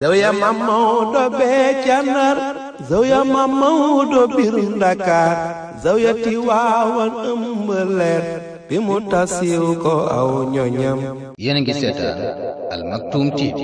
Zoya mama udah bee Zoya mama udah Mame Maodo biir Ndakaar Zawiya Tiwaawan ëmb leer bi mu tasiw ko aw ñoñam yéen a iya Al maktum TV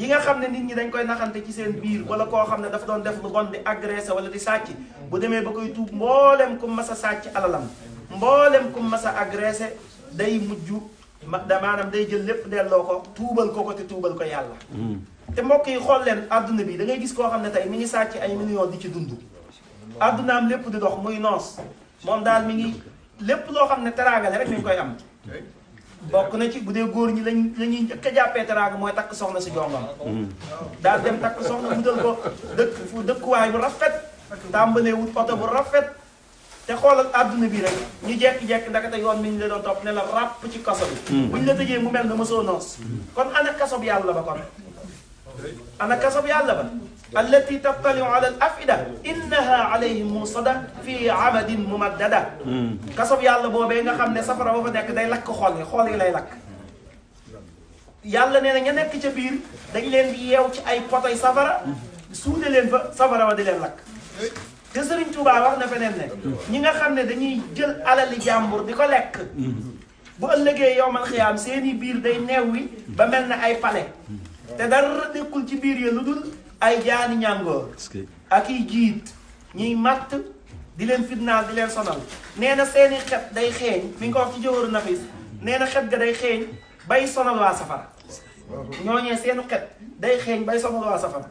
yi nga xam ne nit ñi dañ koy naxante ci seen biir wala ko xam ne daf doon def lu bon di agressé wala di sàcc bu demee ba koy tuub mboolem ku mas alalam mboolem ku mas agressé day ma maanaam day jël lépp delloo ko tuubal ko ko te tuubal ko yàlla. Hmm. te mbokk yi xool leen adduna bi da ngay gis koo xam ne tey mi ngi sàcc ay millions di ci dund. addunaam lépp di dox muy noos moom daal mi ngi lépp loo xam ne teraanga rek mi koy am. bokk na ci bu dee góor ñi lañ la ñuy njëkk a jàppee teraanga mooy takk soxna si jongam. Hmm. daal dem takk soxna wutal ko dëkk fu dëkkuwaay bu rafet. tàmbalee wut oto bu rafet. te xoolal àdduna bi rek ñu jekki-jekki ndakate yoon mi ñu la doon topp ne la ràpp ci kaso bi buñ la tëjee mu mel na mësoo noos kon ana kaso bi yàlla ba kon ana kaso bi yàlla ba allati tattaliu ala al afida innaha alayhim musada fi amadin mumaddada kaso bi yàlla boobee nga xam ne safara ba fa nekk day lakk xool yi xool yi lay lakk yàlla nee na ña nekk ca biir dañ leen di yeew ci ay potoy safara suude leen fa safara wa di leen lakk te Serigne Touba wax na feneen ne ñi nga xam ne dañuy jël alali jàmbur di ko lekk bu ëllëgee yow man xiyaam seen i biir day neew wi ba mel na ay pale te dara nekkul ci biir ya lu dul ay jaani ñàngoor ak i jiit ñuy matt di leen fitnaal di leen sonal nee na seen xet day xeeñ mi nga ko wax ci jëwëru nafis nee na xet ga day xeeñ bay sonal waa safara ñooñee seenu xet day xeeñ bay sonal waa safara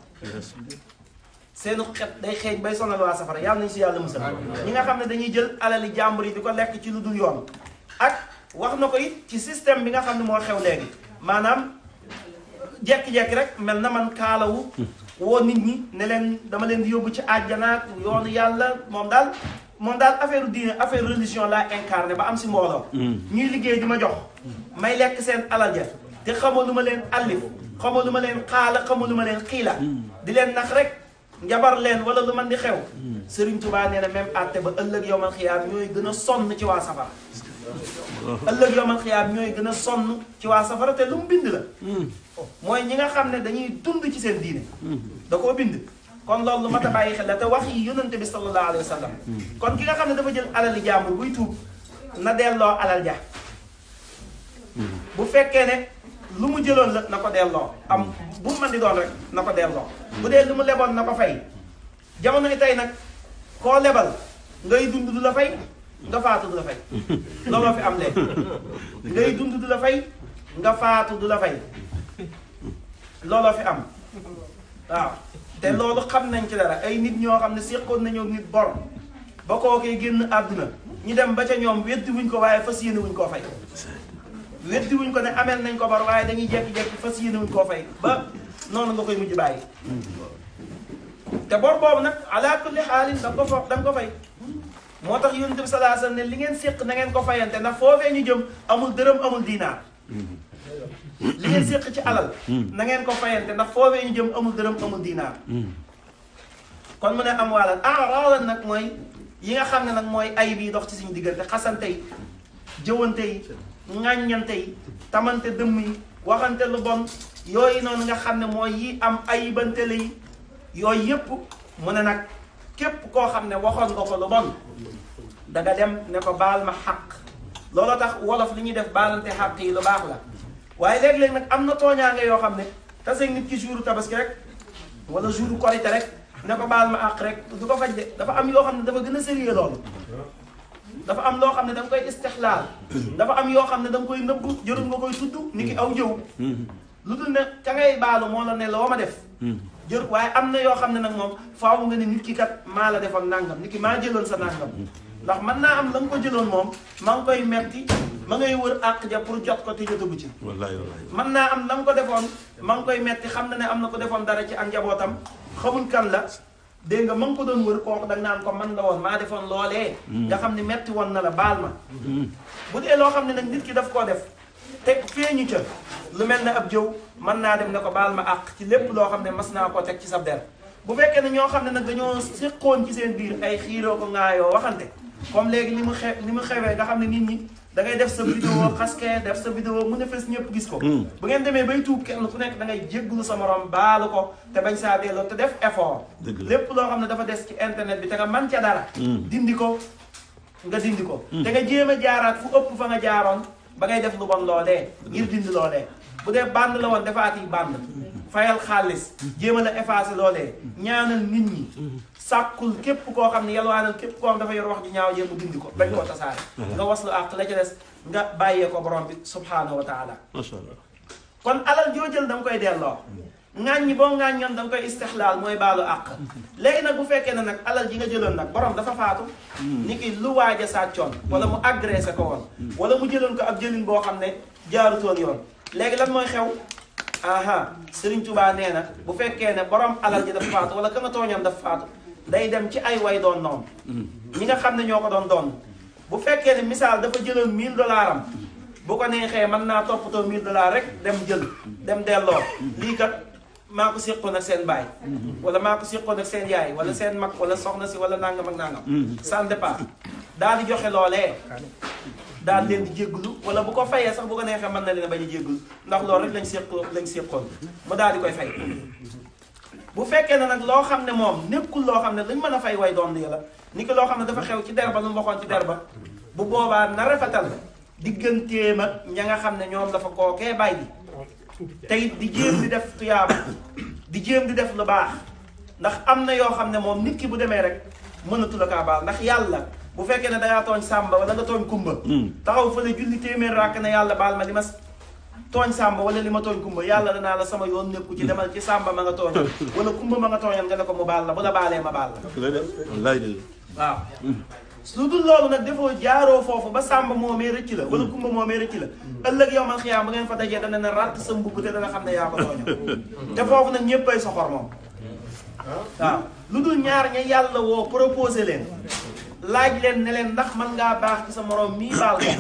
seenu xet day xeeñ bay sonal waa safara yàlla nañ si yàlla musal ñi nga xam ne dañuy jël alali jàmbur yi di ko lekk ci lu dul yoon ak wax na ko it ci système bi nga xam ne moo xew léegi maanaam jekki-jekki rek mel na man kaalawu woo nit ñi ne leen dama leen di yóbbu ci àjjanaak yoonu yàlla moom daal moom daal affaire diine affaire religion laa incarné ba am si mbooloo ñuy liggéey di ma jox may lekk seen alal ja te xamaluma leen allif xamaluma leen xaala xamaluma leen xiila di leen nax rek njabar leen wala lu man di xew hmm. Serigne Touba nee na même àtte ba ëllëg yowmal xiyaam ñooy gën a sonn ci waa safara ëllëg yowmal xiyaam ñooy gën a sonn ci waa safara te lu mu bind la hmm. mooy ñi nga xam ne dañuy dund ci seen diine hmm. da koo bind kon loolu ma mat a bàyyi xel la te wax yi yonante bi sallallahu alayhi wa sallam kon ki nga dafa jël alali jàmbur buy tuub na delloo alal ja bu fekkee ne lu mu jëloon la na ko delloo am mm. bu mu doon rek na ko delloo bu dee lu mu leboon na ko fay jamono yi tey nag koo lebal ngay dund du la fay nga faatu du la fay looloo fi am léegi ngay dund du fay nga du la fay looloo am waaw te loolu xam nañ ci dara ay nit ñoo xam ne séqoon nañoo nit bor ba kookee génn àdduna ñu dem ba ca ñoom weddi wuñ ko waaye fas yéene wuñ koo fay weddi wuñ ko ne ameel nañ ko bor waaye dañuy jekki-jekki fas yéene wuñ koo fay ba noonu nga koy mujj bàyyi te bor boobu nag ala kulli xaalin da nga ko fa da ko fay moo tax yonent bi salaa sallam ne li ngeen séq na ngeen ko fayante ndax foofee ñu jëm amul dërëm amul diinaar li ci alal na ngeen ko fayante ndax ñu jëm amul dërëm amul diinaar kon mu ne am wàllal ah rawlan nag mooy yi nga xam ne nag mooy ay bii dox ci suñu diggante xasante yi jëwante yi ŋàññante yi tamante dëmm yi waxante lu bon yooyu noonu nga xam ne mooy yi am ayibante la yi yooyu yépp mu ne nag képp koo xam ne waxoon nga ko lu bon da dem ne ko baal ma xaq looloo tax wolof li ñuy def baalante xaq yi lu baax la waaye léeg-léeg nag am na tooñaange yoo xam ne tase nit ki jouru tabaski rek wala jouru korite rek ne ko baal ma àq rek du ko faj de dafa am yoo xam ne dafa gën a sérieux loolu dafa am loo xam ne da nga koy istixlaal dafa am yoo xam ne da koy nëbb jërul nga koy tudd ni ki aw jëw lu dul ne ka ngay baalu moo la ne loo ma def jër waaye am na yoo xam ne nag moom faaw nga ne nit ki kat maa la defoon nàngam nit ki maa jëloon sa nàngam ndax mën naa am la ko jëloon moom maa ngi koy metti ma ngay wër àq ja pour jot ko te jotagu ci wallaay wallaay mën naa am na nga ko defoon maa ngi koy metti xam na ne am na ko defoon dara ci ak njabootam xamuñ kan la dégg nga ma ko doon wër kooku da nga ko man la woon maa defoon loolee. Mm. nga xam ne metti woon na la baal ma. Mm. bu dee loo xam ne nag nit ki daf koo def teg ñu ca lu mel ne ab jëw mën naa dem ne ko baal ma ak ci lépp loo xam ne mas naa koo teg ci sa der bu fekkee ne ñoo xam ne nag dañoo séqoon ci seen biir ay xiiroo ko yoo waxante. comme léegi ni mu xe ni mu xewee nga xam ne nit ñi dangay def sa vidéo xaskee def sa vidéo mu ne fees ñëpp gis ko mm. bu ngeen demee bay tuub kenn ku nekk dangay ngay jéggulu sa morom baalu ko te bañ saa delloo te def effort lépp loo xam ne dafa des ci internet bi te nga man ca dara mm. dindi ko nga dindi ko mm. te nga jéem a jaaraat fu ëpp fa nga jaaroon ba ngay def lu bon loolee ngir dindi loolee bu dee band la woon defaat yi band fayal khalis jema la effacer lolé ñaanal nit ñi sakul képp ko xamni yalla yalwaanal képp ko xam dafa yor wax ji ñaaw jéem dindi ko dañ ko tassar nga waslu ak la ci dess nga bàyyee ko borom bi subhanahu wa taala kon alal joo jël da nga koy delloo ŋàññi boo ŋàññoon da nga koy istihlal moy balu ak léegi nak bu fekkee nak alal ji nga jëlon nak borom dafa faatu niki lu waja sa sàccoon wala mu agresser ko won wala mu jëlon ko ab jëlin bo xam jaarutoon yoon léegi lan moy xew aha Serigne Touba nee na bu fekkee ne borom alal ji daf faatu wala ka nga tooñoon daf faatu day dem ci ay way doon noonu mm. ñi nga xam ne ñoo ko doon doon bu fekkee ne misaal dafa jëlal 1000 dollars am bu ko neexee mën naa toppatoo 1000 dollars rek dem jël dem delloo lii kat maa ko séqoon ak seen baay mm-hmm. wala maa ko séqoon ak seen yaay wala seen mag wala soxna si wala nangam ak nangam sans mm-hmm. départ daal di joxe loolee daal leen di jégglu wala bu ko fayee sax bu ko neexee mën na leen a bañ a jégglu ndax loolu rek lañ séqoo lañ séqoon mu daal di koy fay bu fekkee ne nag loo xam ne moom nekkul loo xam ne lañ mën a fay way doon la ni ki loo xam ne dafa xew ci derba lu mu waxoon ci derba bu boobaa na rafetal digganteem ak ña nga xam ne ñoom dafa kookee bàyyi bi tey di jéem di def tuyaaba di jéem di def lu baax ndax am na yoo xam ne moom nit ki bu demee rek mënatul kaa ndax yàlla bu fekkee ne dangaa tooñ sàmba wala nga tooñ kumba hmm. taxaw fële julli téeméer ràkk ne yàlla baal ma li ma tooñ sàmba wala li ma tooñ kumba yàlla danaa la sama yoon nekku ci demal ci sàmba ma nga tooñal wala kumba ma nga tooñal nga ne ko mu baal la bu la baalee ma baal la waaw hmm. su dul loolu nag defoo jaaroo foofu ba sàmba moomee rëcc la wala hmm. kumba moomee rëcc la ëllëg yow man xiyaam bu ngeen fa dajee dana na ràtt sa mbubb te dana xam ne yaa ko tooñal te foofu nag ñëppay soxor moom waaw lu dul ñaar ña yàlla woo proposé leen laaj leen ne leen ndax man ngaa baax ci sa moroom mii baal ko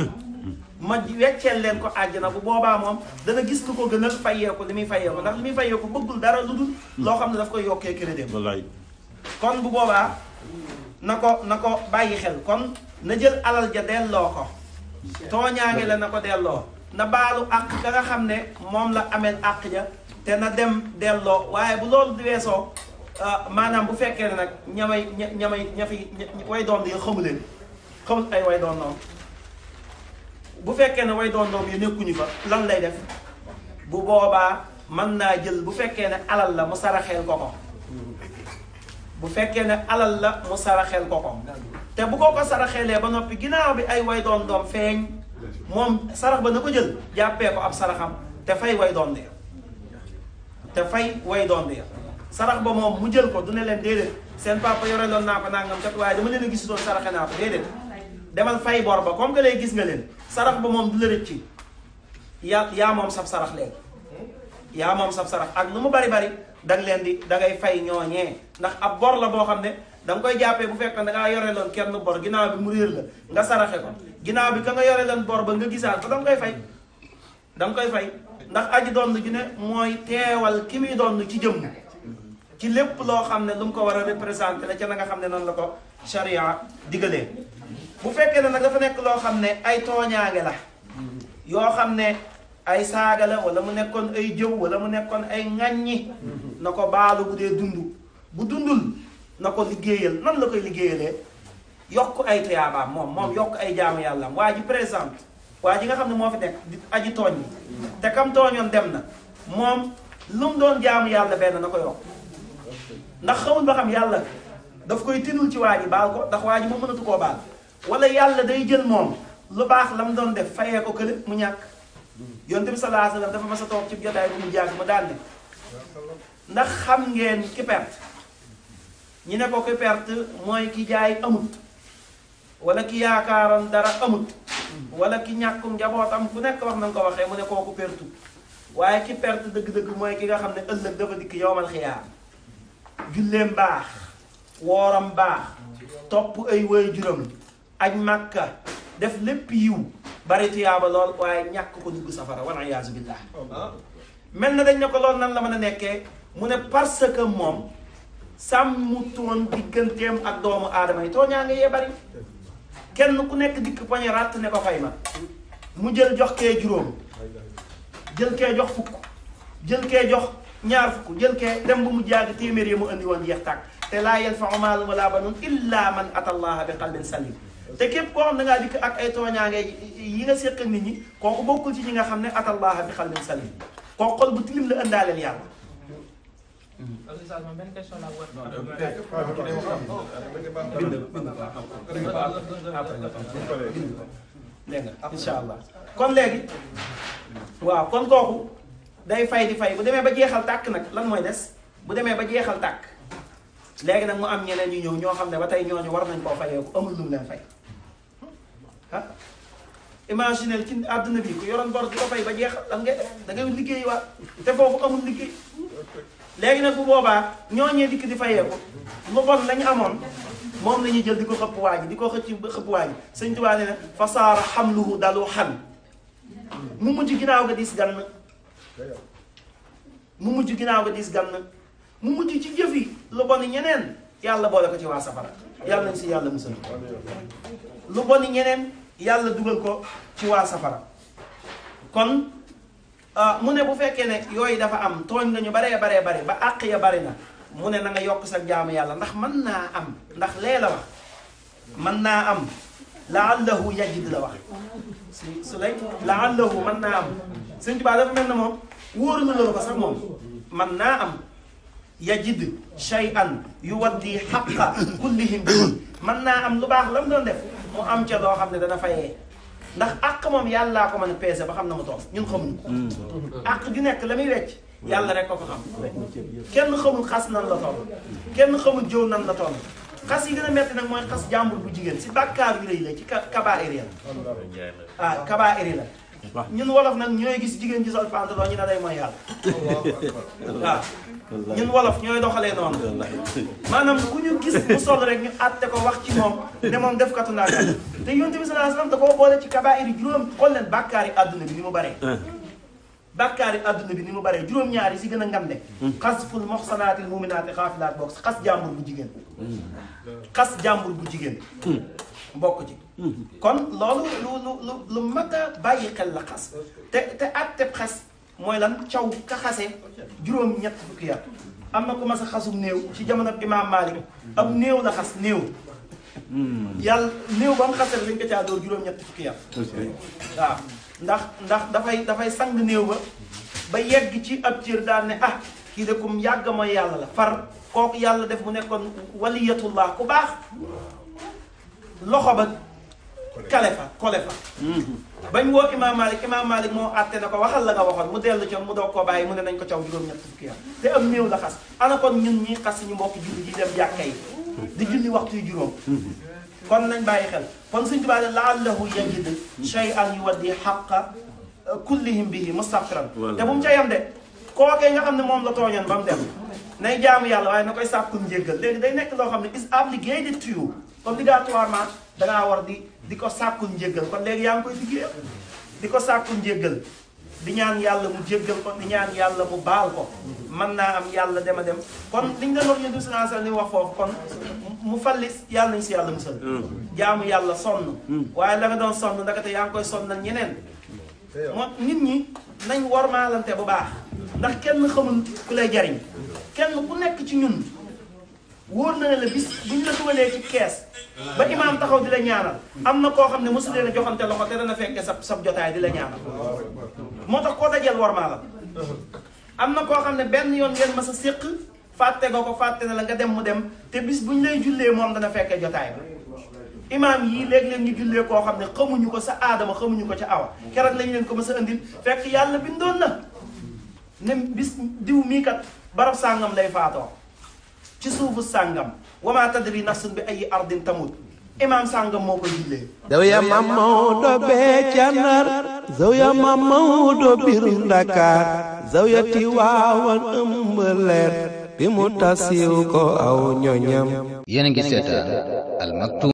ma wecceel leen ko àjj na bu boobaa moom dana gis lu ko gënal fayeeku li muy fayeeku ndax li muy fayeeku bëggul dara lu dul loo xam ne daf koy yokkee crédit wallaay kon bu boobaa na ko na ko bàyyi xel kon na jël alal ja delloo ko tooñaange la na ko delloo na baalu àq ka nga xam ne moom la amee àq ja te na dem delloo waaye bu loolu weesoo maanaam bu fekkee ne nag ñamay ñamay ñafi way doon yi xamu leen xamul ay way doon doom bu fekkee ne way doon doom yi nekkuñu fa lan lay def bu boobaa mën naa jël bu fekkee ne alal la mu saraxeel ko ko bu fekkee ne alal la mu saraxeel ko ko te bu ko ko saraxeelee ba noppi ginnaaw bi ay way doon doom feeñ moom sarax ba na ko jël jàppee ko ab saraxam te fay way doon de te fay way doon de sarax ba moom mu jël ko du ne leen déedéet seen papa yore loon naa ko nangam kat waaye dama leen a gisutoon saraxe naa ko déedéet demal fay bor ba comme que lay gis nga leen sarax ba moom du la rëcc ci yaa yaa moom sab sarax léegi yaa moom sab sarax ak nu mu bari bari da leen di da ngay fay ñooñee ndax ab bor la boo xam ne da koy jàppee bu fekkoon da ngaa yore loon kenn bor ginaaw bi mu réer la nga saraxe ko ginnaaw bi ka nga yore leen bor ba nga gisaat ko da nga koy koy fay ndax aji doon gi ne mooy teewal ki muy doon ci jëmm ci lépp loo xam ne lu mu ko war a représenté la ca nanga nga xam ne noon la ko charia digalee bu fekkee ne nag dafa nekk loo xam ne ay tooñaange la yoo xam ne ay saaga la wala mu nekkoon ay jëw wala mu nekkoon ay ŋàññi na ko baalu bu dee dund bu dundul na ko liggéeyal nan la koy liggéeyalee yokk ay tuyaabaam moom moom yokk ay jaamu yàlla waa ji présente waa ji nga xam ne moo fi nekk di aji tooñ bi te kam tooñoon dem na moom lu mu doon jaamu yàlla be na ko yokk ndax xamul ba xam yàlla daf koy tinul ci waa ji baal ko ndax waa ji moom mënatu koo baal wala yàlla day jël moom lu baax la mu doon def fayee ko kële mu ñàkk yonte bi salaa sallam dafa mas a toog ci jotaay bu mu jàgg mu daal ne ndax xam ngeen ki perte ñi ne ko ki perte mooy ki jaay amut wala ki yaakaaroon dara amut wala ki ñàkkum njabootam ku nekk wax na nga ko waxee mu ne kooku pertu waaye ki perte dëgg-dëgg mooy ki nga xam ne ëllëg dafa dikk yowmal xiyaam julleem baax wooram baax topp ay waajuram aj màkka def lépp yiw bari tuyaaba lool waaye ñàkk ko dugg safara wal iyaazu billah mel na dañ ne ko lool nan la mën a nekkee mu ne parce que moom sàmm toon digganteem ak doomu aadama yi tooñaa nga yee bari kenn ku nekk dikk poñe ràtt ne ko fay ma mu jël jox kee juróom jël kee jox fukk jël kee jox ñaar fukk jël kee dem ba mu jaag téeméer ya mu andi woon jeex tàkk te laa yanfau maalun wa laa banuun illa man ata allaha bi qalbin salim te képp koo xam ne da ngaa dikk ak ay tooñaange yi nga séq ak nit ñi kooku bokkul ci ñi nga xam ne ata allaha bi qalbin salim kooku xol bu tilim la ëndaaleel yàlla benn question laa war dégg nga incha allah kon léegi waaw kon kooku day fay di fay bu demee ba jeexal tàkk nag lan mooy des bu demee ba jeexal tàkk léegi nag mu am ñeneen ñu ñëw ñoo xam ne ba tey ñooñu war nañ koo fayee ko amul nu mu leen fay ah imaginer ci àdduna bi ku yoroon bor di ko fay ba jeex lan ngay def liggéey waat te foofu amul liggéey léegi nag bu boobaa ñooñee dikk di fayee ko lu bon lañu amoon moom la ñuy jël di ko xëpp waa ji di ko xëcc xëpp waa ji sëñ Tuubaa nee na xam xamluhu dalu xam mu mujj ginnaaw ga dis gann mu mujj ginnaaw nga diis gan na mu mujj ci jëf yi lu bon ñeneen yàlla boole ko ci waa safara yàlla nañ si yàlla musal lu bon ñeneen yàlla dugal ko ci waa safara kon ah, mu ne bu fekkee ne yooyu dafa am tooñ na ñu baree baree bare ba àq ya bari na mu ne na yokk sa jaamu yàlla ndax man naa am ndax lee la wax mën naa am laallahu yajid la wax su lay laallahu mën naa am سنت بعد في من مم ورنا له بس مم من نعم يجد شيئا يودي حق كلهم دون من نعم لو بعه لم ندف مو أم جدا هم ندنا فاي نح أكم يوم يلا أكم أنا بيزا بخم نمطون ين خم أك جنة كلامي بيج يلا رك أكم خم كم خم خاص نان لطون كم خم جون نان لطون خاص يجينا ميت نان موي خاص جامبر بوجين سبكار غيري لا كبا إيريلا آه كبا إيريلا ñun wolof nag ñooy gis jigéen ji so pantalon ñu ne day mooy yàlla waaw ñun wolof ñooy doxalee noonu maanaam ku ñu gis mu sol rek ñu àtte ko wax ci moom ne moom def katu naa te yonent bi sallallahu alayhi wasallam da koo boole ci kabaa'ir yi juróom xool leen bàkkaar yi àdduna bi ni mu baree eh. àdduna bi ni mu baree juróom-ñaar yi si gën a ngande xasful hmm. moxsanaatil muminaati xaafilaat boog xas jàmbur bu jigéen hmm. xas jàmbur bu jigéen hmm. bokk ci mm-hmm. kon loolu lu lu lu mag a bàyyi xel la xas te te àtteb xas mooy lan caw ka xase juróom ñett fukki am na ku mas xasum néew ci jamono imaam Maalik ab néew la xas néew mm-hmm. yàlla néew ba mu xasee rek dañ ko caa juróom-ñetti fukki waaw ndax ndax dafay dafay sang néew ba ba yegg ci ab cër daal ne ah kii de kum yàgg mooy yàlla la far kooku yàlla def mu nekkoon waliyatullah ku baax loxo ba kale fa kole fa mm-hmm. bañ woo imaam Malik imaam Malik moo àtte na ko waxal la nga waxoon mu dellu ci mu doog koo bàyyi mu ne nañ ko caw juróom-ñett fukki at te am néew la xas ana kon ñun ñii xas suñu mbokk julli ji dem jàkka yi di julli waxtu yu juróom mm-hmm. kon nañ bàyyi xel kon suñ tubaab ne laallahu yajid shay'an yuwaddi xaqa kullihim bihi mustaghfiran te ca yem de kookee nga moom la tooñoon ba mu dem nay jaamu yàlla waaye na koy sàkku njéggal léegi day nekk loo xam ne is obligated to you obligatoirement dangaa war di di ko sàkku njéggal kon léegi yaa ngi koy liggéeyal di ko sàkku njéggal di ñaan yàlla mu jéggal ko di ñaan yàlla mu baal ko mën naa am yàlla dem a dem kon liñ la doon yëndu sinaasal ni wax foofu kon mu fallis yàlla nañu si yàlla musal mm. jaamu yàlla sonn mm. waaye la nga doon sonn ndakate yaa ngi koy sonnal ñeneen moo nit ñi nañ warmaalante bu baax ndax kenn xamul ku lay jariñ kenn ku nekk ci ñun wóor na la bis bu buñ la dugalee ci kees ba imaam taxaw di la ñaanal am na koo xam ne mosu leen a joxante loxo te dana fekke sab sab jotaay di la ñaanal moo tax koo dajal war maa am na koo xam ne benn yoon ngeen ma sa séq fàtte nga ko fàtte na la nga dem mu dem te bis buñ lay jullee moom dana fekke jotaay ba imaam yii léeg leen ñu jullee koo xam ne xamuñu ko sa aadama xamuñu ko ca awa keroog lañ leen ko mës a andil yàlla bindoon na ne bis diw mii barab sàngam lay faatoo ci suufu sàngam wa ma tadri nafsun bi ay ardin tamut sàngam moo ko jullee zaw ya mam Maodo bee Ndakaar zaw ya ëmb leer bi mu tasiw ko aw ñoñam yéen a seetaan